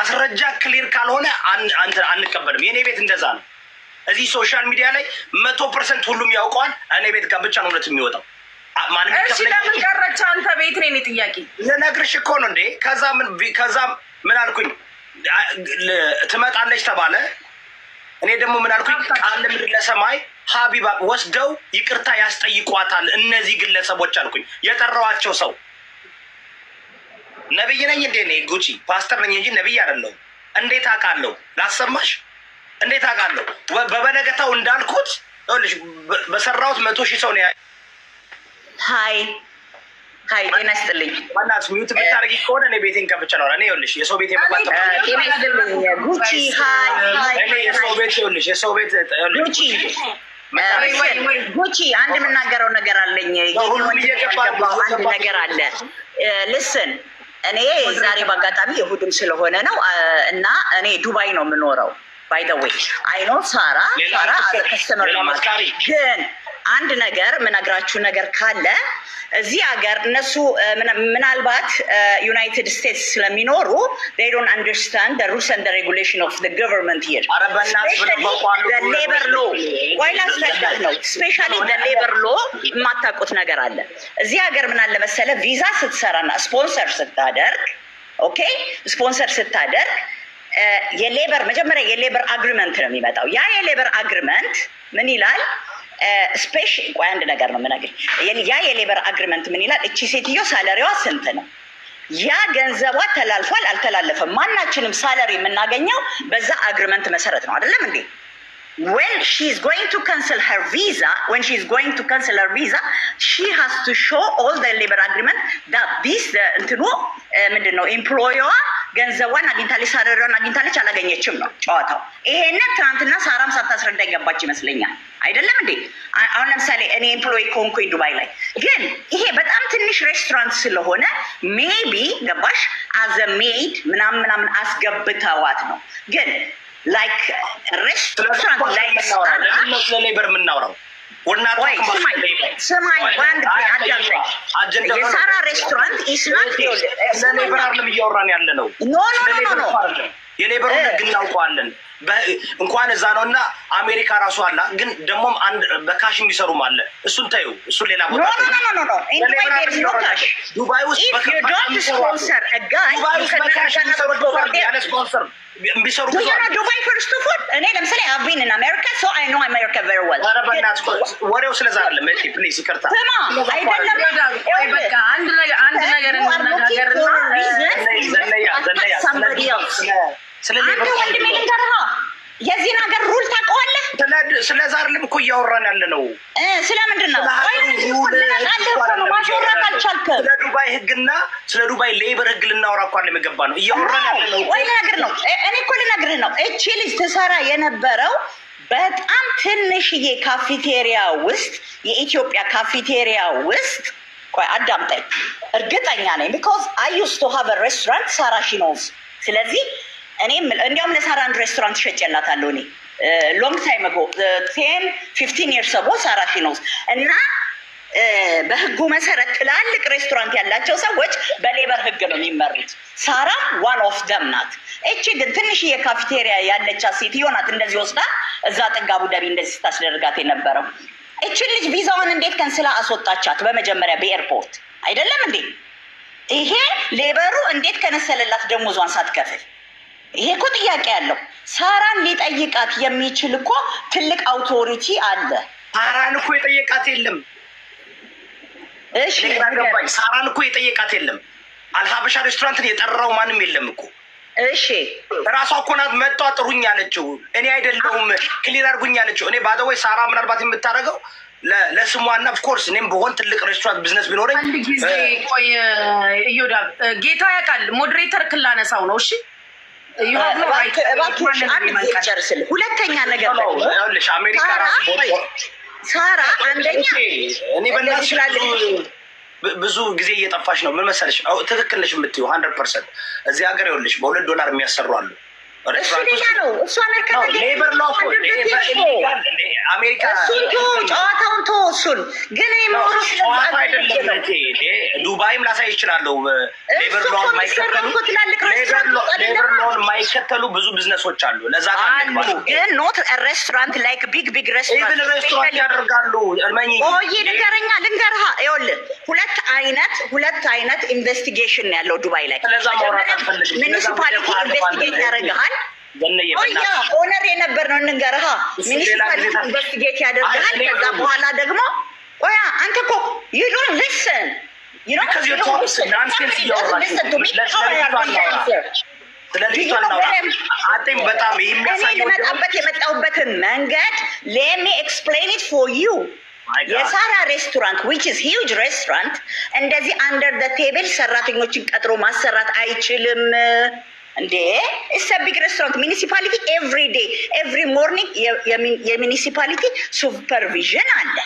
ማስረጃ ክሊር ካልሆነ አንቀበልም። የእኔ ቤት እንደዛ ነው። እዚህ ሶሻል ሚዲያ ላይ መቶ ፐርሰንት ሁሉም ያውቀዋል። እኔ ቤት ጋር ብቻ ነው እውነት የሚወጣው። ለምን ቀረች አንተ ቤት? ነው ጥያቄ ልነግርሽ እኮ ነው እንዴ። ከዛ ከዛ ምን አልኩኝ? ትመጣለች ተባለ። እኔ ደግሞ ምን አልኩኝ? ቃል ምድር ለሰማይ ሀቢባ ወስደው ይቅርታ ያስጠይቋታል እነዚህ ግለሰቦች አልኩኝ የጠራዋቸው ሰው ነብይ ነኝ እንዴ? እኔ ጉቺ ፓስተር ነኝ እንጂ ነብይ አይደለሁም። እንዴት አውቃለሁ? ላሰማሽ፣ እንዴት አውቃለሁ? በበነገታው እንዳልኩት ይኸውልሽ፣ በሰራሁት መቶ ሺህ ሰው ነው። ሀይ ሀይ፣ ጤና ይስጥልኝ። ዋናስ ሚዩት ብታደርጊ ከሆነ እኔ ቤቴን ከፍቼ ነው። እኔ ልሽ የሰው ቤት የመግባት የሰው ቤት ይኸውልሽ፣ የሰው ቤት ጉቺ ጉቺ አንድ የምናገረው ነገር አለኝ። ሁሉም እየገባ አንድ ነገር አለ። ልስን እኔ ዛሬ በአጋጣሚ የሁድም ስለሆነ ነው እና እኔ ዱባይ ነው የምኖረው። ባይ ዘ ዌይ አይ ኖ ሳራ ሳራ አዘ ከስተመር ግን አንድ ነገር የምነግራችሁ ነገር ካለ እዚህ ሀገር እነሱ ምናልባት ዩናይትድ ስቴትስ ስለሚኖሩ ዶን አንደርስታንድ ሩሰን ሬጉሌሽን ኦፍ ገቨርንመንት ር ሌበር ሎ ዋይላ ስረዳት ነው። ስፔሻሊ ሌበር ሎ የማታውቁት ነገር አለ። እዚህ ሀገር ምናለ መሰለ ቪዛ ስትሰራና ስፖንሰር ስታደርግ ኦኬ፣ ስፖንሰር ስታደርግ የሌበር መጀመሪያ የሌበር አግሪመንት ነው የሚመጣው። ያ የሌበር አግሪመንት ምን ይላል? ስፔሽ ቆይ አንድ ነገር ነው የምነግርሽ። ያ የሌበር አግሪመንት ምን ይላል? እቺ ሴትዮ ሳለሪዋ ስንት ነው? ያ ገንዘቧ ተላልፏል አልተላለፈም? ማናችንም ሳለሪ የምናገኘው በዛ አግሪመንት መሰረት ነው። አይደለም እንዴ? when she is going to cancel her visa when she is going to cancel her visa she has to show all the labor agreement that this እንትኑ ምንድን ነው ኤምፕሎየዋ ገንዘቧን አግኝታለች ሳረራን አግኝታለች አላገኘችም ነው ጨዋታው። ይሄንን ትናንትና ሳራም ሳታስረዳ ገባች ይመስለኛል። አይደለም እንዴ? አሁን ለምሳሌ እኔ ኤምፕሎይ ከሆንኩኝ ዱባይ ላይ ግን ይሄ በጣም ትንሽ ሬስቶራንት ስለሆነ ሜቢ ገባሽ አዘ ሜድ ምናምን ምናምን አስገብተዋት ነው ግን ላይክ ሬስቶራንት ላይ ሌበር የምናውራው የሳራ ሬስቶራንት ኢስናት እያወራን ያለ ነው። የሌበሩ ህግ እናውቀዋለን። እንኳን እዛ ነው እና አሜሪካ ራሱ አላ ግን ደግሞም በካሽ የሚሰሩም አለ። እሱን ታዩ፣ እሱን ሌላ ቦታ ውስጥ ወሬው ስለዛ ፕሊዝ ይቅርታ አንድ ነገር ነገር ዘነያ ዘነያ አንተ ወንድሜ ልንገርህ የዚህን ሀገር ሩል ታውቀዋለህ? ስለ ዛርልም እኮ እያወራን ያለ ነው። ስለምንድን ነው ስለ ዱባይ ህግና ስለ ዱባይ ሌበር ህግ ልናወራ እኮ የሚገባ ነው። እያወራን ያለ ነው ወይ ነው። እኔ እኮ ልነግርህ ነው። እቺ ልጅ ትሰራ የነበረው በጣም ትንሽዬ ውስጥ የኢትዮጵያ ካፊቴሪያ ውስጥ ቆይ አዳምጠኝ። እርግጠኛ ነኝ ቢኮዝ አይ ዩስ ቱ ሃቭ ሬስቶራንት ሳራ ስለዚህ እኔ እንዲያውም ለሳራ አንድ ሬስቶራንት ሸጬላታለሁ እኔ ሎንግ ታይም ጎ ቴን ፊፍቲን የርስ ጎ ሳራ ሺኖስ እና በህጉ መሰረት ትላልቅ ሬስቶራንት ያላቸው ሰዎች በሌበር ህግ ነው የሚመሩት። ሳራ ዋን ኦፍ ደም ናት። እቺ ግን ትንሽ ካፌቴሪያ ያለቻት ሴትዮ ናት። እንደዚህ ወስዳ እዛ ጥግ አቡዳቢ እንደዚህ ስታስደርጋት የነበረው እችን ልጅ ቪዛውን እንዴት ከንስላ አስወጣቻት? በመጀመሪያ በኤርፖርት አይደለም እንዴ? ይሄ ሌበሩ እንዴት ከነሰለላት ደሞዟን ሳትከፍል ይሄ እኮ ጥያቄ ያለው ሳራን ሊጠይቃት የሚችል እኮ ትልቅ አውቶሪቲ አለ። ሳራን እኮ የጠየቃት የለም። እሺ ሳራን እኮ የጠየቃት የለም። አልሀበሻ ሬስቶራንትን የጠራው ማንም የለም እኮ። እሺ እራሷ እኮ ናት መጥቷ ጥሩኝ ያለችው፣ እኔ አይደለሁም ክሊር አድርጉኝ ያለችው። እኔ ባደወይ ሳራ ምናልባት የምታደርገው ለስሟና ኦፍኮርስ እኔም በሆን ትልቅ ሬስቶራንት ቢዝነስ ቢኖረኝ አንድ ጊዜ ቆይ፣ እዮዳብ ጌታ ያውቃል። ሞዴሬተር ክላነሳው ነው እሺ ጨርስል። ሁለተኛ ነገር ሳራ አንደኛ ብዙ ጊዜ እየጠፋሽ ነው። ምን መሰለሽ፣ ትክክል ነሽ የምትይው ሀንድረድ ፐርሰንት። እዚህ ሀገር ይኸውልሽ በሁለት ዶላር የሚያሰሩ አሉ። ጨዋታውን እሱን ግን ዱባይም ላሳይ ይችላለሁ። ሌበር የማይከተሉ ብዙ ቢዝነሶች አሉ። ለዛ ግን ኖት ሬስቶራንት ላይክ ቢግ ቢግ ሬስቶራንት ያደርጋሉ። ልንገርህ። ይኸውልህ ሁለት አይነት ሁለት አይነት ኢንቨስቲጌሽን ያለው ዱባይ ላይ ሚኒሲፓሊቲ ኢንቨስቲጌት ያደርግሃል ኦነር የነበር ነው ሚኒስትር ኢንቨስቲጌት ከዛ በኋላ ደግሞ ቆያ አንተ እኮ ዩ ዶንት ሊስን ዩ ዶንት ሊስን ስለዚህ በጣም ልመጣበት የመጣሁበትን መንገድ ሌሚ ኤክስፕሌን ኢት ፎር ዩ የሳራ ሬስቶራንት ዊች ኢዝ ሂውጅ ሬስቶራንት እንደዚህ አንደር ዘ ቴብል ሰራተኞችን ቀጥሮ ማሰራት አይችልም። እንዴ ኢትስ ቢግ ሬስቶራንት ሚኒሲፓሊቲ ኤቭሪ ዴይ ኤቭሪ ሞርኒንግ የሚኒሲፓሊቲ ሱፐርቪዥን አለ።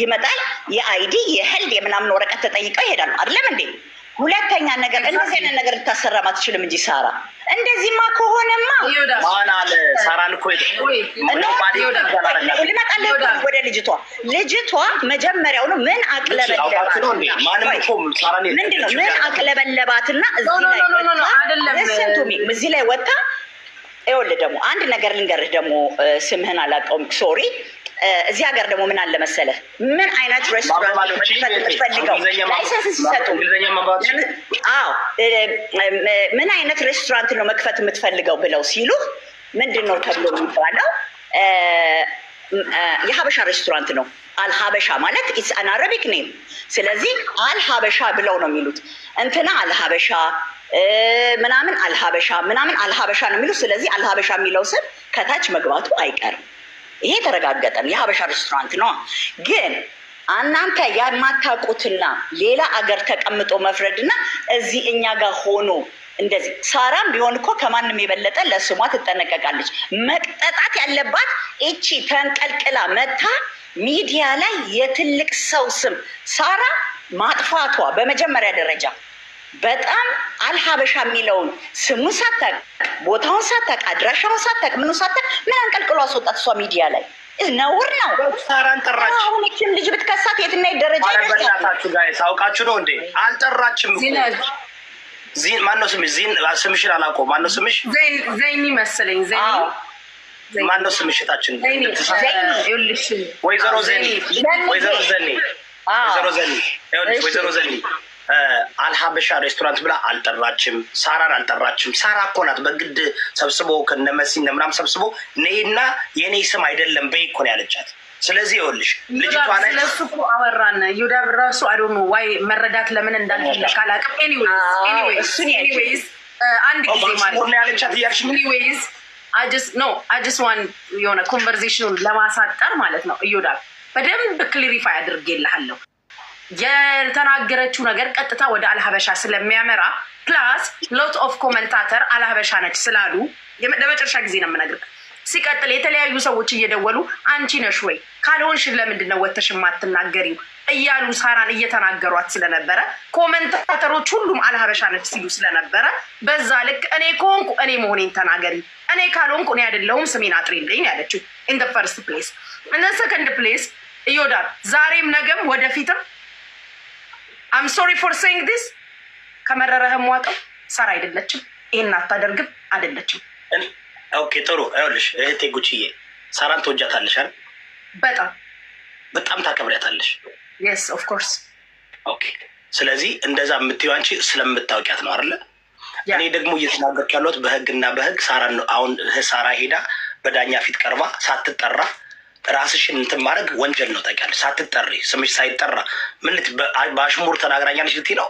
ይመጣል። የአይዲ የህልድ የምናምን ወረቀት ተጠይቀው ይሄዳሉ። አይደለም እንዴ ሁለተኛ ነገር እንደዚህ አይነት ነገር ልታሰራ አትችልም እንጂ ሳራ፣ እንደዚህማ ከሆነማ ማን አለ ሳራን እኮ ወደ ልጅቷ። ልጅቷ መጀመሪያውኑ ምን አቅለበለባት ምንድን ነው አቅለበለባትና እዚህ ላይ ወጥታ ይኸውልህ ደግሞ አንድ ነገር ልንገርህ ደግሞ ስምህን አላውቀውም ሶሪ እዚህ ሀገር ደግሞ ምን አለ መሰለ፣ ምን አይነት ሬስቶራንት የምትፈልገው ላይሰንስ ሲሰጡ፣ አዎ ምን አይነት ሬስቶራንት ነው መክፈት የምትፈልገው ብለው ሲሉ ምንድን ነው ተብሎ የሚባለው የሀበሻ ሬስቶራንት ነው። አልሀበሻ ማለት ኢትስ አን አረቢክ ኔም። ስለዚህ አልሀበሻ ብለው ነው የሚሉት። እንትና አልሀበሻ ምናምን፣ አልሀበሻ ምናምን፣ አልሀበሻ ነው የሚሉት። ስለዚህ አልሀበሻ የሚለው ስም ከታች መግባቱ አይቀርም። ይሄ ተረጋገጠም የሀበሻ ሬስቶራንት ነው። ግን እናንተ የማታውቁትና ሌላ አገር ተቀምጦ መፍረድና እዚህ እኛ ጋር ሆኖ እንደዚህ ሳራም ቢሆን እኮ ከማንም የበለጠ ለስሟ ትጠነቀቃለች። መቅጠጣት ያለባት እቺ ተንቀልቅላ መታ ሚዲያ ላይ የትልቅ ሰው ስም ሳራ ማጥፋቷ በመጀመሪያ ደረጃ በጣም አልሀበሻ የሚለውን ስሙ ሳታቅ ቦታውን ሳታቅ አድራሻውን ሳታቅ ምኑ ሳታቅ ምን አንቀልቅሎ አስወጣት እሷ ሚዲያ ላይ ነውር ነው። አሁን ይህቺን ልጅ ብትከሳት የትና ደረጃ ይደርሳችሁ። ጋይስ አውቃችሁ ነው እንዴ? አልጠራችም። ዚን ነው ስምሽ? ዚን ስምሽን አላውቀውም። ነው ስምሽ? ዘይኒ መሰለኝ። ዘይኒ ማን ማነው ስምሽ? ዘኒ ወይዘሮ ዘኒ ወይዘሮ ዘኒ ወይዘሮ ዘኒ አልሀበሻ ሬስቶራንት ብላ አልጠራችም። ሳራን አልጠራችም። ሳራ እኮ ናት በግድ ሰብስቦ ከነመሲ ነምናም ሰብስቦ ነይና የኔ ስም አይደለም በይ እኮ ነው ያለቻት። ስለዚህ ይኸውልሽ ልጅቷለሱ አወራን ይሁዳ ራሱ አዶኑ ዋይ መረዳት ለምን እንዳልፈለግ አላውቅም። ኤኒዌይስ አንድ ጊዜ ማለት ዋን የሆነ ኮንቨርዜሽኑን ለማሳጠር ማለት ነው። እዮዳብ በደንብ ክሊሪፋይ አድርጌልሃለሁ። የተናገረችው ነገር ቀጥታ ወደ አልሀበሻ ስለሚያመራ ፕላስ ሎት ኦፍ ኮመንታተር አልሀበሻ ነች ስላሉ ለመጨረሻ ጊዜ ነው የምነግርህ። ሲቀጥል የተለያዩ ሰዎች እየደወሉ አንቺ ነሽ ወይ ካልሆንሽ ለምንድን ነው ወተሽ የማትናገሪው እያሉ ሳራን እየተናገሯት ስለነበረ ኮመንታተሮች ሁሉም አልሀበሻ ነች ሲሉ ስለነበረ በዛ ልክ እኔ ከሆንኩ እኔ መሆኔን ተናገሪ፣ እኔ ካልሆንኩ እኔ አይደለሁም ስሜን አጥሪልኝ ያለችው ኢን ፈርስት ፕሌስ። እነ ሰከንድ ፕሌስ እዮዳር ዛሬም ነገም ወደፊትም አም ሶሪ ፎር ሴይንግ ዲስ ከመረረህም ዋጠው ሰራ አይደለችም፣ ይህን አታደርግም አይደለችም። ኦኬ ጥሩ ይኸውልሽ፣ እህቴ ጉቺዬ ሳራን ትወጃታለሽ አይደል? በጣም በጣም ታከብሪያታለሽ። የስ ኦፍ ኮርስ። ኦኬ ስለዚህ እንደዛ የምትይው አንቺ ስለምታውቂያት ነው አይደለ? እኔ ደግሞ እየተናገርኩ ያለሁት በህግና በህግ ሳራን ነው። አሁን ሳራ ሄዳ በዳኛ ፊት ቀርባ ሳትጠራ ራስሽን እንትን ማድረግ ወንጀል ነው ታውቂያለሽ። ሳትጠሪ ስምሽ ሳይጠራ ምን በአሽሙር ተናግራኛለች ልትይ ነው?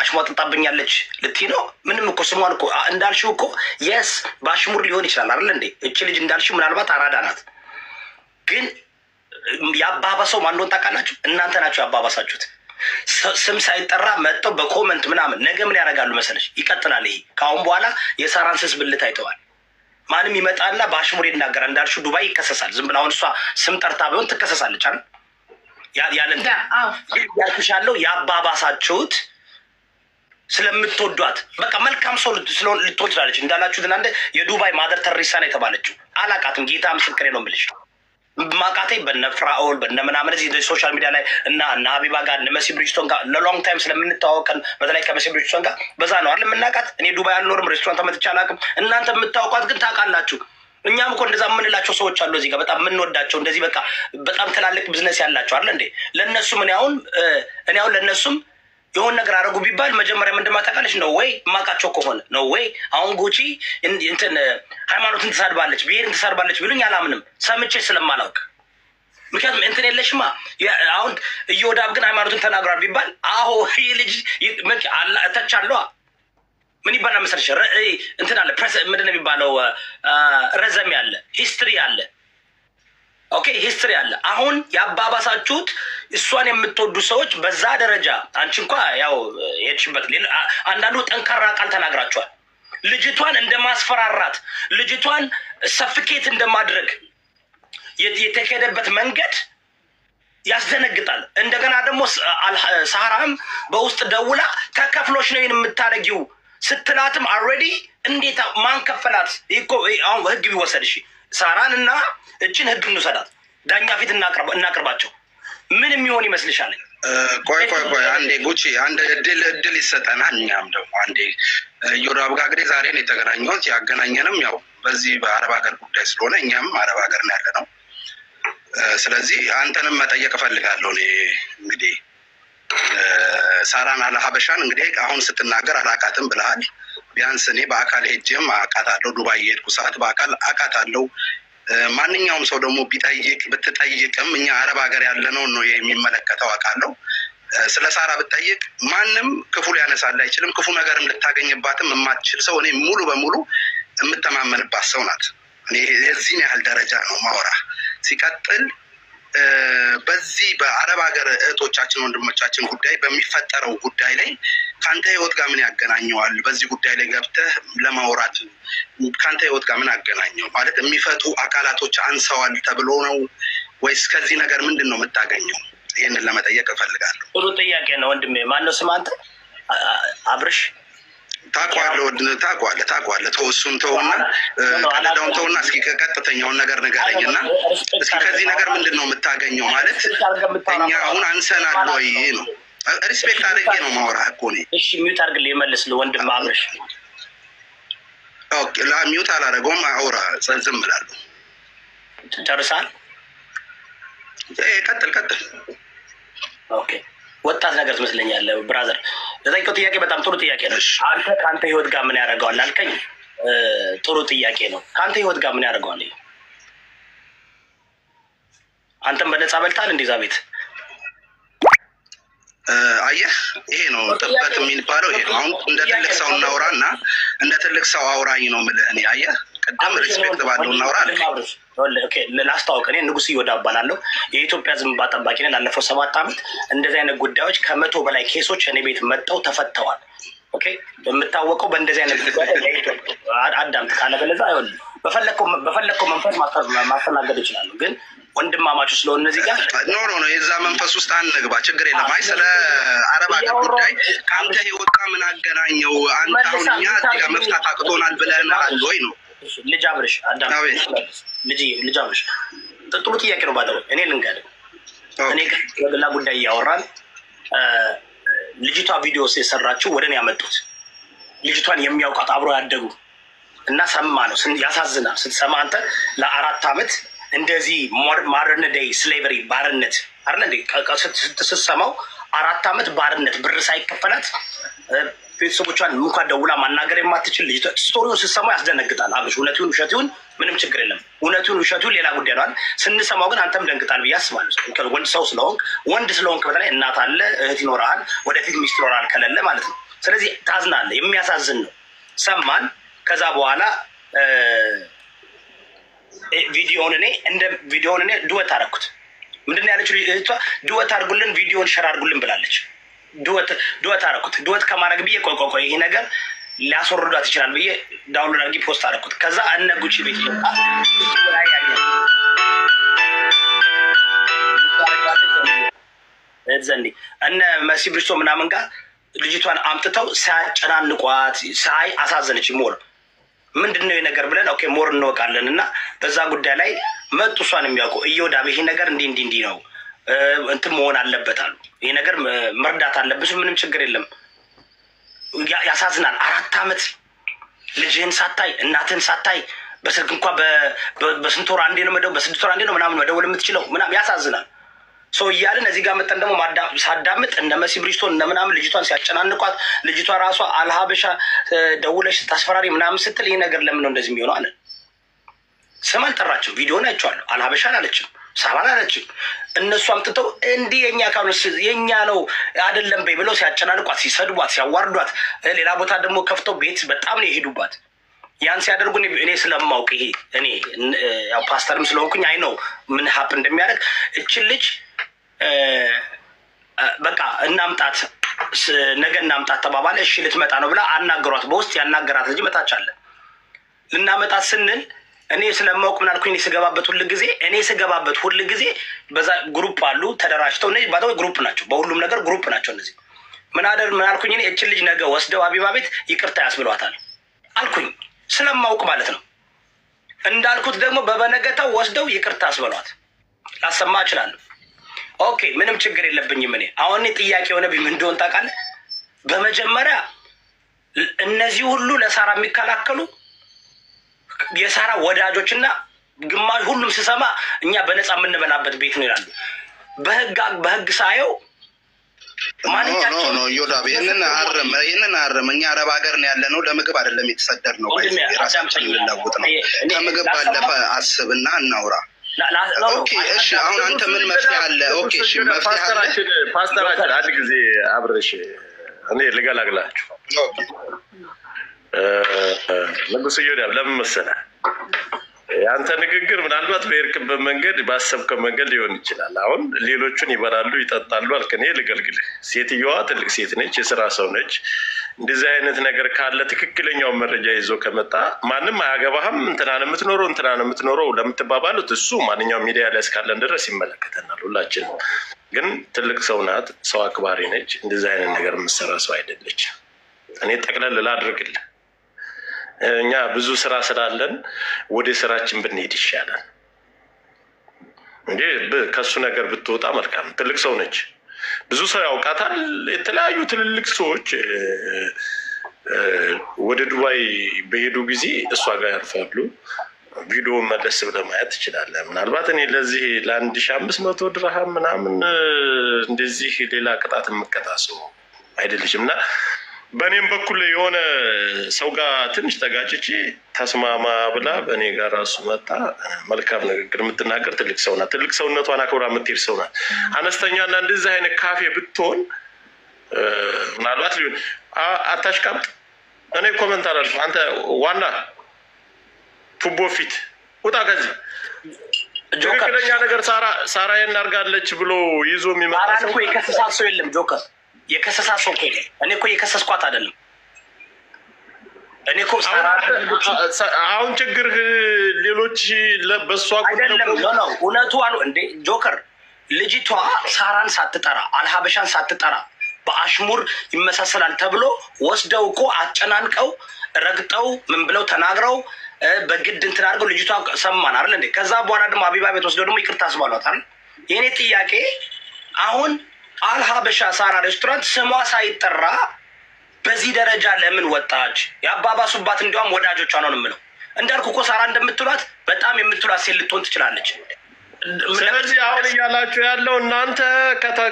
አሽሟ ጥጣብኛለች ልትይ ነው? ምንም እኮ ስሟን እኮ እንዳልሽው እኮ የስ በአሽሙር ሊሆን ይችላል አይደል እንዴ? እቺ ልጅ እንዳልሽው ምናልባት አራዳ ናት፣ ግን የአባባሰው ማን እንደሆነ ታውቃላችሁ? እናንተ ናቸው ያባባሳችሁት። ስም ሳይጠራ መጥተው በኮመንት ምናምን ነገ ምን ያደርጋሉ ይቀጥላል ይሄ። ከአሁን በኋላ የሳራን ስስ ብልት አይተዋል። ማንም ይመጣና በአሽሙር ይናገራል። እንዳልሹ ዱባይ ይከሰሳል። ዝም ብላ አሁን እሷ ስም ጠርታ ቢሆን ትከሰሳለች አይደል? ያለን ያልኩሽ ያለው የአባባሳችሁት ስለምትወዷት በቃ መልካም ሰው ስለሆን ልትወ ትችላለች። እንዳላችሁት እናንተ የዱባይ ማደር ተሪሳ ነው የተባለችው። አላቃትም። ጌታ ምስክሬ ነው የምልሽ ነው ማቃቴ በነ ፍራኦል በነ ምናምን እዚህ ሶሻል ሚዲያ ላይ እና እነ ሀቢባ ጋር እነ መሲ ብሪጅቶን ጋር ለሎንግ ታይም ስለምንተዋወቀን በተለይ ከመሲ ብሪጅቶን ጋር በዛ ነው አለ የምናውቃት። እኔ ዱባይ አልኖርም፣ ሬስቶራንት መጥቼ አላውቅም። እናንተ የምታውቋት ግን ታውቃላችሁ። እኛም እኮ እንደዛ የምንላቸው ሰዎች አሉ እዚህ ጋር በጣም የምንወዳቸው እንደዚህ በቃ በጣም ትላልቅ ብዝነስ ያላቸው አለ እንዴ ለእነሱም እኔ አሁን እኔ አሁን ለእነሱም የሆን ነገር አረጉ ቢባል መጀመሪያ ምንድን ታውቃለች ነው ወይ የማውቃቸው ከሆነ ነው ወይ አሁን ጉቺ እንትን ሃይማኖትን ትሳድባለች ብሄርን ትሳድባለች ብሉኝ አላምንም ሰምቼ ስለማላውቅ ምክንያቱም እንትን የለሽማ አሁን እየወዳብ ግን ሃይማኖትን ተናግሯል ቢባል አሁ ይህ ልጅ ተች አለዋ ምን ይባላል መሰለሽ እንትን አለ ምንድን ነው የሚባለው ረዘም ያለ ሂስትሪ አለ ኦኬ ሂስትሪ አለ አሁን የአባባሳችሁት እሷን የምትወዱ ሰዎች በዛ ደረጃ አንቺ እንኳ ያው ሄድሽበት። አንዳንዱ ጠንካራ ቃል ተናግራቸዋል። ልጅቷን እንደማስፈራራት ልጅቷን ሰፍኬት እንደማድረግ የተካሄደበት መንገድ ያስደነግጣል። እንደገና ደግሞ ሳራም በውስጥ ደውላ ከከፍሎች ነው ይህን የምታደርጊው ስትላትም አልሬዲ እንዴት ማን ከፈላት? አሁን ህግ ቢወሰድ ሳራን እና እችን ህግ እንውሰዳት፣ ዳኛ ፊት እናቅርባቸው። ምን የሚሆን ይመስልሻል? ቆይ ቆይ ቆይ አንዴ ጉቺ፣ አንድ እድል እድል ይሰጠናል። እኛም ደግሞ አንዴ ዮዳብ ጋር እንግዲህ ዛሬን የተገናኘሁት ያገናኘንም ያው በዚህ በአረብ ሀገር ጉዳይ ስለሆነ እኛም አረብ ሀገር ነው ያለ ነው። ስለዚህ አንተንም መጠየቅ እፈልጋለሁ። እኔ እንግዲህ ሳራን አለሀበሻን እንግዲህ አሁን ስትናገር አላቃትም ብለሃል። ቢያንስ እኔ በአካል ሄጄም አለው። ዱባይ የሄድኩ ሰዓት በአካል አቃት አለው። ማንኛውም ሰው ደግሞ ቢጠይቅ ብትጠይቅም እኛ አረብ ሀገር ያለነውን ነው የሚመለከተው አውቃለሁ። ስለ ሳራ ብጠይቅ ማንም ክፉ ሊያነሳል አይችልም። ክፉ ነገርም ልታገኝባትም የማትችል ሰው እኔ ሙሉ በሙሉ የምተማመንባት ሰው ናት። የዚህን ያህል ደረጃ ነው ማውራ ሲቀጥል በዚህ በአረብ ሀገር እህቶቻችን ወንድሞቻችን ጉዳይ በሚፈጠረው ጉዳይ ላይ ከአንተ ህይወት ጋር ምን ያገናኘዋል? በዚህ ጉዳይ ላይ ገብተህ ለማውራት ከአንተ ህይወት ጋር ምን ያገናኘው? ማለት የሚፈቱ አካላቶች አንሰዋል ተብሎ ነው ወይስ ከዚህ ነገር ምንድን ነው የምታገኘው? ይህንን ለመጠየቅ እፈልጋለሁ። ጥሩ ጥያቄ ነው ወንድሜ። ማነው ስም አንተ አብርሽ? ታውቀዋለህ ታውቀዋለህ። ተው እሱን ተውና ቀለዳውን ተውና እስኪ ቀጥተኛውን ነገር ንገረኝ እና እስኪ ከዚህ ነገር ምንድን ነው የምታገኘው? ማለት እኛ አሁን አንሰናል ወይ ነው። ሪስፔክት አድርጌ ነው ማውራህ እኮ እኔ። እሺ ሚውት አድርግልህ የመልስልህ ወንድም አብረሽ። ኦኬ ሚውት አላደረገውም። አውራ ዝም እላለሁ። ጨርሳል። ቀጥል ቀጥል። ኦኬ ወጣት ነገር ትመስለኛለህ ብራዘር ለጠየቀው ጥያቄ በጣም ጥሩ ጥያቄ ነው። አንተ ከአንተ ህይወት ጋር ምን ያደርገዋል ላልከኝ ጥሩ ጥያቄ ነው። ከአንተ ህይወት ጋር ምን ያደርገዋል? አንተም በነፃ በልታል እንዲዛ ቤት አየህ፣ ይሄ ነው ጥበት የሚባለው። ይሄ ነው አሁን እንደ ትልቅ ሰው እናውራ እና እንደ ትልቅ ሰው አውራኝ ነው የምልህ እኔ። አየህ፣ ቅድም ሪስፔክት ባለው እናውራ አለ ላስታወቅ። እኔ ንጉስ እየወዳ እባላለሁ የኢትዮጵያ ዝምባ ጠባቂ ነኝ። ላለፈው ሰባት ዓመት እንደዚህ አይነት ጉዳዮች ከመቶ በላይ ኬሶች እኔ ቤት መጠው ተፈተዋል። ኦኬ የምታወቀው በእንደዚህ አይነት ጉዳይ አዳምጥ። በለዛ አይሆንም። በፈለግከው መንፈስ ማስተናገድ ይችላሉ ግን ወንድማማቹ ስለሆነ እነዚህ ጋር ኖ ኖ ነው የዛ መንፈስ ውስጥ አንግባ፣ ችግር የለም። አይ ስለ አረብ ሀገር ጉዳይ ከአንተ ህይወት ጋር ምን አገናኘው? አንተ አሁን እኛ እዚህ ጋር መፍታት አቅቶናል ብለህ ወይ ነው ልጅ አብርሽ ልጅ አብርሽ ጥሩ ጥያቄ ነው ባለ እኔ ልንገርህ፣ እኔ በግላ ጉዳይ እያወራን ልጅቷ ቪዲዮ የሰራችው ወደ እኔ ያመጡት ልጅቷን የሚያውቃት አብሮ ያደጉ እና ሰማ ነው ያሳዝናል። ስትሰማ አንተ ለአራት ዓመት እንደዚህ ማርነ ደይ ስሌቨሪ ባርነት አለ ስትሰማው አራት ዓመት ባርነት ብር ሳይከፈላት ቤተሰቦቿን እንኳን ደውላ ማናገር የማትችል ልጅ ስቶሪውን ስትሰማ ያስደነግጣል። አብሽ እውነቱን ውሸቱን ምንም ችግር የለም። እውነቱን ውሸቱን ሌላ ጉዳይ ነዋል። ስንሰማው ግን አንተም ደንግጣል ብዬ አስባለሁ። ወንድ ሰው ስለሆንክ ወንድ ስለሆንክ በተለይ እናት አለ፣ እህት ይኖረሃል፣ ወደፊት ሚስት ይኖራል ከሌለ ማለት ነው። ስለዚህ ታዝናለህ። የሚያሳዝን ነው። ሰማን። ከዛ በኋላ ቪዲዮውን እኔ እንደ ቪዲዮውን እኔ ድወት አደረኩት። ምንድን ያለችው እህቷ ድወት አድርጉልን፣ ቪዲዮውን ሸር አድርጉልን ብላለች። ድወት አረኩት። ድወት ከማድረግ ብዬ ቆይ ቆይ ቆይ ይሄ ነገር ሊያስወርዷት ይችላል ብዬ ዳውንሎድ አድርጌ ፖስት አረኩት። ከዛ እነ ጉቺ ቤት ይወጣ ዘንዴ እነ መሲ ብሪስቶ ምናምን ጋር ልጅቷን አምጥተው ሳያጨናንቋት ሳይ አሳዘነች። ሞር ምንድን ነው ነገር ብለን ኦኬ ሞር እንወቃለን። እና በዛ ጉዳይ ላይ መጡ እሷን የሚያውቁ እየወዳ ይሄ ነገር እንዲህ እንዲህ እንዲህ ነው እንትን መሆን አለበት አሉ። ይህ ነገር መርዳት አለብሱ። ምንም ችግር የለም። ያሳዝናል። አራት ዓመት ልጅህን ሳታይ እናትህን ሳታይ በስልክ እንኳ በስንት ወር አንዴ ነው መደው በስድስት ወር አንዴ ነው ምናምን መደወል የምትችለው ምናምን ያሳዝናል። ሰው እያልን እዚህ ጋር መጠን ደግሞ ሳዳምጥ እነ መሲ ብሪስቶን እነ ምናምን ልጅቷን ሲያጨናንቋት ልጅቷ ራሷ አልሀበሻ ደውለሽ ስታስፈራሪ ምናምን ስትል ይህ ነገር ለምን ነው እንደዚህ የሚሆነው አለ። ስም አልጠራችም፣ ቪዲዮን አይቼዋለሁ። አልሀበሻን አለችም ሳባን አለችም። እነሱ አምጥተው እንዲህ የኛ ካ የኛ ነው አይደለም በይ ብለው ሲያጨናንቋት፣ ሲሰድቧት፣ ሲያዋርዷት ሌላ ቦታ ደግሞ ከፍተው ቤት በጣም ነው የሄዱባት። ያን ሲያደርጉ እኔ ስለማውቅ ይሄ እኔ ያው ፓስተርም ስለሆንኩኝ አይ ነው ምን ሀፕ እንደሚያደርግ እችን ልጅ በቃ እናምጣት ነገ እናምጣት ተባባለ። እሺ ልትመጣ ነው ብላ አናገሯት። በውስጥ ያናገራት ልጅ መታች አለ ልናመጣት ስንል እኔ ስለማውቅ ምን አልኩኝ? ስገባበት ሁል ጊዜ እኔ ስገባበት ሁል ጊዜ በዛ ግሩፕ አሉ ተደራጅተው ባ ግሩፕ ናቸው፣ በሁሉም ነገር ግሩፕ ናቸው። እነዚህ ምናደር ምናልኩኝ እኔ እችን ልጅ ነገ ወስደው አቢባ ቤት ይቅርታ ያስብሏታል አልኩኝ፣ ስለማውቅ ማለት ነው። እንዳልኩት ደግሞ በበነገታው ወስደው ይቅርታ ያስብሏት ላሰማ እችላለሁ። ኦኬ፣ ምንም ችግር የለብኝም። እኔ አሁን እኔ ጥያቄ የሆነ ቢም እንደሆን ታውቃለህ? በመጀመሪያ እነዚህ ሁሉ ለሳራ የሚከላከሉ የሳራ ወዳጆችና ግማሽ ሁሉም ስሰማ እኛ በነፃ የምንበላበት ቤት ነው ይላሉ። በህግ በህግ ሳየው ይህንን አርም ይህንን አርም። እኛ አረብ ሀገር ነው ያለ ነው፣ ለምግብ አይደለም የተሰደድ ነው፣ ራሳችን የምንለውጥ ነው። ከምግብ ባለፈ አስብ እና እናውራ። እሺ አሁን አንተ ምን መፍትሄ አለ? ፓስተራችን ፓስተራችን አንድ ጊዜ አብረሽ እኔ ልገላግላችሁ ንጉስ እዮዳብ ለምን መሰለህ የአንተ ንግግር ምናልባት በሄድክበት መንገድ ባሰብከው መንገድ ሊሆን ይችላል። አሁን ሌሎቹን ይበላሉ ይጠጣሉ አልክ፣ እኔ ልገልግልህ። ሴትየዋ ትልቅ ሴት ነች፣ የስራ ሰው ነች። እንደዚህ አይነት ነገር ካለ ትክክለኛውን መረጃ ይዞ ከመጣ ማንም አያገባህም። እንትና ነው የምትኖረው እንትና ነው የምትኖረው ለምትባባሉት እሱ ማንኛውም ሚዲያ ላይ እስካለን ድረስ ይመለከተናል ሁላችንም። ግን ትልቅ ሰው ናት፣ ሰው አክባሪ ነች። እንደዚህ አይነት ነገር የምትሰራ ሰው አይደለች። እኔ ጠቅለል ላድርግልህ እኛ ብዙ ስራ ስላለን ወደ ስራችን ብንሄድ ይሻላል። እንዴ ከእሱ ነገር ብትወጣ መልካም። ትልቅ ሰው ነች፣ ብዙ ሰው ያውቃታል። የተለያዩ ትልልቅ ሰዎች ወደ ዱባይ በሄዱ ጊዜ እሷ ጋር ያርፋሉ። ቪዲዮ መለስ ብለህ ማየት ትችላለህ። ምናልባት እኔ ለዚህ ለአንድ ሺህ አምስት መቶ ድርሃም ምናምን እንደዚህ ሌላ ቅጣት የምቀጣ ሰው አይደለችም እና በእኔም በኩል የሆነ ሰው ጋር ትንሽ ተጋጭቼ ተስማማ ብላ በእኔ ጋር ራሱ መጣ። መልካም ንግግር የምትናገር ትልቅ ሰው ናት። ትልቅ ሰውነቷን አክብራ የምትሄድ ሰው ናት። አነስተኛ እና እንደዚህ አይነት ካፌ ብትሆን ምናልባት ሊሆን አታሽቃብጥ። እኔ ኮመንት አላልኩ። አንተ ዋና ቱቦ ፊት ውጣ ከዚህ ትክክለኛ ነገር ሳራ ሳራ እናርጋለች ብሎ ይዞ የሚመጣ ሰው የለም ጆከር የከሰሳ ሰው ኮይ እኔ እኮ የከሰስኳት አይደለም። እኔ እኮ አሁን ችግርህ ሌሎች በእሷ ነው። እውነቱ አሉ እንዴ ጆከር፣ ልጅቷ ሳራን ሳትጠራ አልሀበሻን ሳትጠራ በአሽሙር ይመሳሰላል ተብሎ ወስደው እኮ አጨናንቀው ረግጠው ምን ብለው ተናግረው በግድ እንትን አድርገው ልጅቷ ሰማን አይደል እንዴ? ከዛ በኋላ ደግሞ አቢባ ቤት ወስደው ደግሞ ይቅርታ አስባሏታል። የእኔ ጥያቄ አሁን አልሀበሻ ሳራ ሬስቶራንት ስሟ ሳይጠራ በዚህ ደረጃ ለምን ወጣች? የአባባሱባት እንዲያውም ወዳጆቿ ነው የምለው። እንዳልኩ እኮ ሳራ እንደምትሏት በጣም የምትሏት ሴት ልትሆን ትችላለች። ስለዚህ አሁን እያላችሁ ያለው እናንተ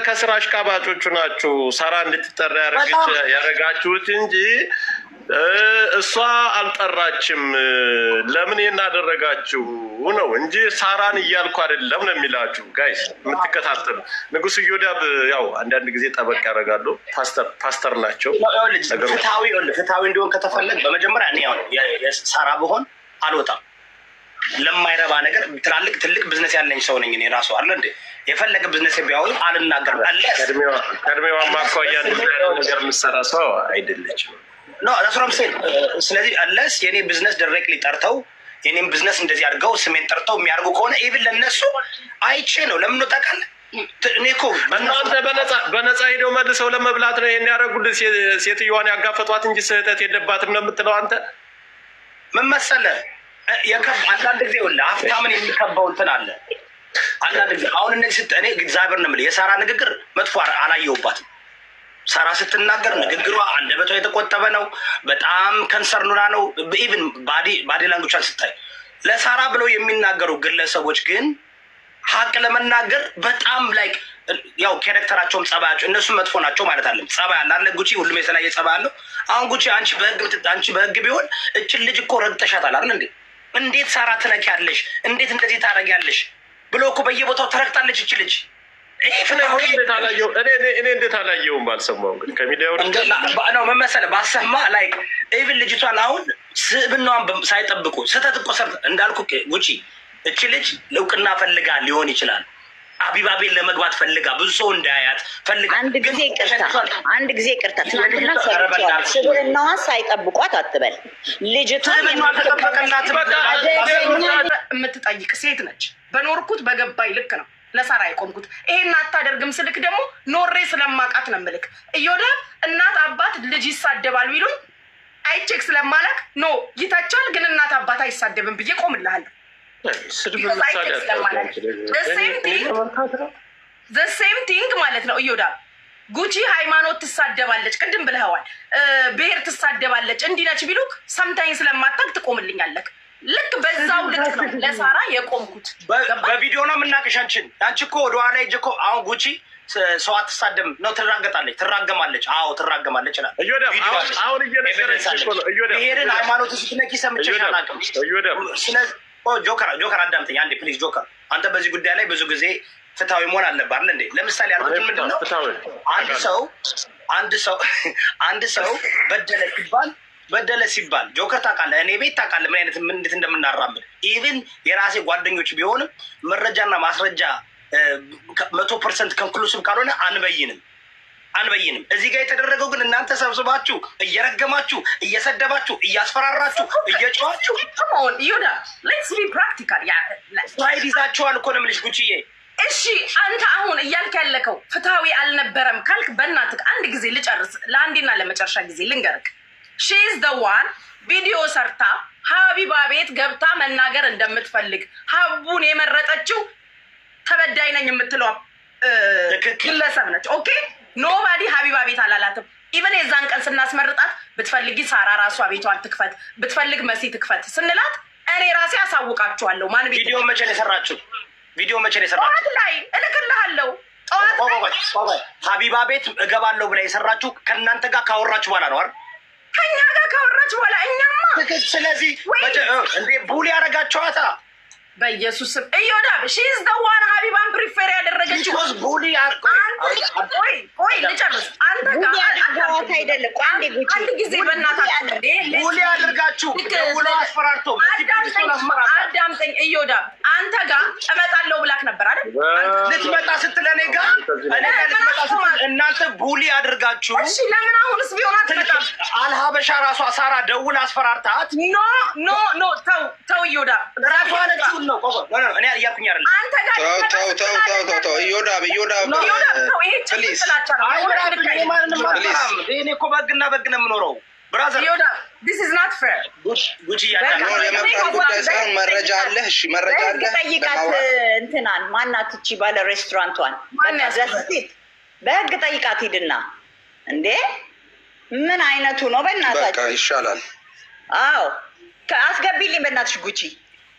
ከስራ አሽቃባጮቹ ናችሁ። ሳራ እንድትጠራ ያረጋችሁት እንጂ እሷ አልጠራችም። ለምን እናደረጋችሁ ነው እንጂ ሳራን እያልኩ አይደለም ነው የሚላችሁ ጋይስ የምትከታተሉ። ንጉስ ዮዳብ ያው አንዳንድ ጊዜ ጠበቅ ያደርጋሉ። ፓስተር ናቸው። ፍትሐዊ እንዲሆን ከተፈለግ በመጀመሪያ እኔ ሳራ ብሆን አልወጣም ለማይረባ ነገር ትላልቅ ትልቅ ብዝነስ ያለኝ ሰው ነኝ እኔ ራሱ አለ እንዴ የፈለገ ብዝነስ ቢያወሩ አልናገርም። ቀድሜዋ ማኳያ ነገር የምሰራ ሰው አይደለችም። Uh, ስለዚህ አለስ የኔ ብዝነስ ዳይሬክትሊ ጠርተው የኔም ብዝነስ እንደዚህ አድርገው ስሜን ጠርተው የሚያደርጉ ከሆነ ኢቭን ለነሱ አይቼ ነው። ለምን ጠቃል ኔኮ እናንተ በነፃ ሄደው መልሰው ለመብላት ነው ይሄን ያደረጉልህ። ሴትዮዋን ያጋፈጧት እንጂ ስህተት የለባትም ነው የምትለው አንተ። ምን መሰለህ አንዳንድ ጊዜ ላ ሀብታምን የሚከባው እንትን አለ። አንዳንድ ጊዜ አሁን እነዚህ ስጥ እኔ እግዚአብሔር ነው የምልህ የሳራ ንግግር መጥፎ አላየውባትም ሰራ ስትናገር ንግግሯ አንደበቷ የተቆጠበ ነው። በጣም ከንሰርኑና ነው። ኢቭን ባዲ ላንጉቿን ስታይ ለሳራ ብለው የሚናገሩ ግለሰቦች ግን ሀቅ ለመናገር በጣም ላይክ ያው ካራክተራቸውም ጸባያቸው እነሱ መጥፎ ናቸው ማለት አለም ጸባይ አለ አለ ጉቺ ሁሉም የተለያየ ጸባይ አለው። አሁን ጉቺ አንቺ በህግ አንቺ በህግ ቢሆን እችን ልጅ እኮ ረግጠሻታል አይደል እንዴ? እንዴት ሳራ ትነኪያለሽ? እንዴት እንደዚህ ታረጊያለሽ? ብሎ እኮ በየቦታው ተረግጣለች እች ልጅ። እኔ እንዴት አላየውም? እንግዲህ ከሚዲያው ነው ባሰማ ኢቭን ልጅቷን አሁን ስብናዋን ሳይጠብቁ ስህተት እኮ ሰርተ እንዳልኩ እቺ ልጅ እውቅና ፈልጋ ሊሆን ይችላል። ለመግባት ፈልጋ ብዙ ሰው ፈልጋ አንድ ጊዜ ቅርታ አንድ ጊዜ ቅርታ ትናንትና ሰርቻለሁ። ስብናዋ ሳይጠብቋት አትበል። ልጅቷ የምትጠይቅ ሴት ነች። በኖርኩት በገባኝ ልክ ነው ለሳራ የቆምኩት ይሄን አታደርግም ስልክ ደግሞ ኖሬ ስለማውቃት ነው ምልክ እዮዳ እናት አባት ልጅ ይሳደባል ቢሉኝ አይቼክ ስለማላክ ኖ ይታቻል፣ ግን እናት አባት አይሳደብም ብዬ ቆምልሃለሁ። ዘሴም ቲንግ ማለት ነው እዮዳ ጉቺ ሃይማኖት ትሳደባለች፣ ቅድም ብለኸዋል። ብሄር ትሳደባለች እንዲነች ቢሉክ ሰምታኝ ስለማታቅ ትቆምልኛለክ ልክ በዛው ልክ ነው ለሳራ የቆምኩት። በቪዲዮ ነው የምናውቅሽ አንቺን። አንቺ እኮ ወደኋላ ሂጅ እኮ አሁን ጉቺ ሰው አትሳደም ነው ትራገጣለች፣ ትራገማለች። አዎ ትራገማለች ይላል። አሁን እየነገረችሽ ብሔርን ሃይማኖት ስትነኪ ሰምቼሽ አላውቅም። ጆከር ጆከር፣ አዳምጠኝ አንዴ ፕሊዝ። ጆከር አንተ በዚህ ጉዳይ ላይ ብዙ ጊዜ ፍትሐዊ መሆን አለብህ አለ እንዴ? ለምሳሌ ያልኩት ምንድን ነው አንድ ሰው አንድ ሰው አንድ ሰው በደለ ሲባል በደለ ሲባል ጆከር ታውቃለህ፣ እኔ ቤት ታውቃለህ፣ ምን አይነት እንዴት እንደምናራምድ ኢቭን የራሴ ጓደኞች ቢሆንም መረጃና ማስረጃ መቶ ፐርሰንት ኮንክሉሲቭ ካልሆነ አንበይንም አንበይንም። እዚህ ጋር የተደረገው ግን እናንተ ሰብስባችሁ እየረገማችሁ፣ እየሰደባችሁ፣ እያስፈራራችሁ፣ እየጨዋችሁ ሳይድ ይዛችኋል እኮ ነው የምልሽ ጉቺዬ። እሺ አንተ አሁን እያልክ ያለከው ፍትሐዊ አልነበረም ካልክ በእናትህ አንድ ጊዜ ልጨርስ፣ ለአንዴና ለመጨረሻ ጊዜ ልንገርክ ሺዝ ደዋን ቪዲዮ ሰርታ ሀቢባ ቤት ገብታ መናገር እንደምትፈልግ ሀቡን የመረጠችው ተበዳይ ነኝ የምትለው ግለሰብ ነች። ኦኬ ኖባዲ ሀቢባ ቤት አላላትም። ኢቨን የዛን ቀን ስናስመርጣት ብትፈልጊ ሳራ ራሷ ቤቷን ትክፈት፣ ብትፈልግ መሲ ትክፈት ስንላት እኔ ራሴ አሳውቃችኋለሁ። ማን ቤት ቪዲዮ መቼ ነው የሰራችሁ? ቪዲዮ መቼ ነው የሰራችሁ? ጠዋት ላይ እልክልሃለሁ። ጠዋት ሀቢባ ቤት እገባለሁ ብላ የሰራችሁ ከእናንተ ጋር ካወራችሁ በኋላ ነው አይደል? ከኛ ጋር ካወራች በኋላ እኛማ ስለዚህ እንዴ ቡል ያደረጋቸዋታ በኢየሱስ ስም እዮዳብ ሺዝ ደዋን ሀቢባን ፕሪፌር ያደረገችው ቆይ ልጨርስ። አንተ አይደለም አንድ ጋር እመጣለሁ ብላክ ነበር አይደል? ልትመጣ ስትል እኔ ጋር እናንተ ቡሊ አድርጋችሁ ለምን አሁንስ ቢሆን አትመጣም? አልሀበሻ ራሷ ሳራ ደውል አስፈራርታት። ኖ ኖ ኖ ተው ተው፣ እዮዳብ ራሷ ባለ ሬስቶራንቷን በህግ ጠይቃት ሂድና። እንዴ ምን አይነቱ ነው? በእናትህ ይሻላል። አዎ አስገቢልኝ፣ በእናትሽ ጉቺ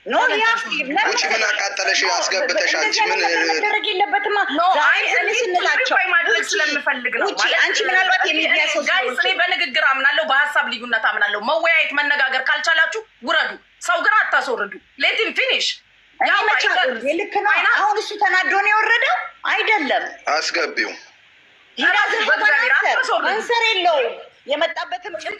አንቺ ምን አቃጠለሽ? አስገብተሽ አንቺ ምን መደረግ የለበትማ። ስለምፈልግ ነው አንቺ ምናልባት በንግግር አምናለሁ፣ በሀሳብ ልዩነት አምናለሁ። መወያየት መነጋገር ካልቻላችሁ ውረዱ። ሰው ግን አታስወርዱ። ሌቲም ፊኒሽ ልክ ነው። አሁን እሱ ተናዶ ነው የወረደው አይደለም። አስገቢው ይራዘ አንሰር የለውም የመጣበትም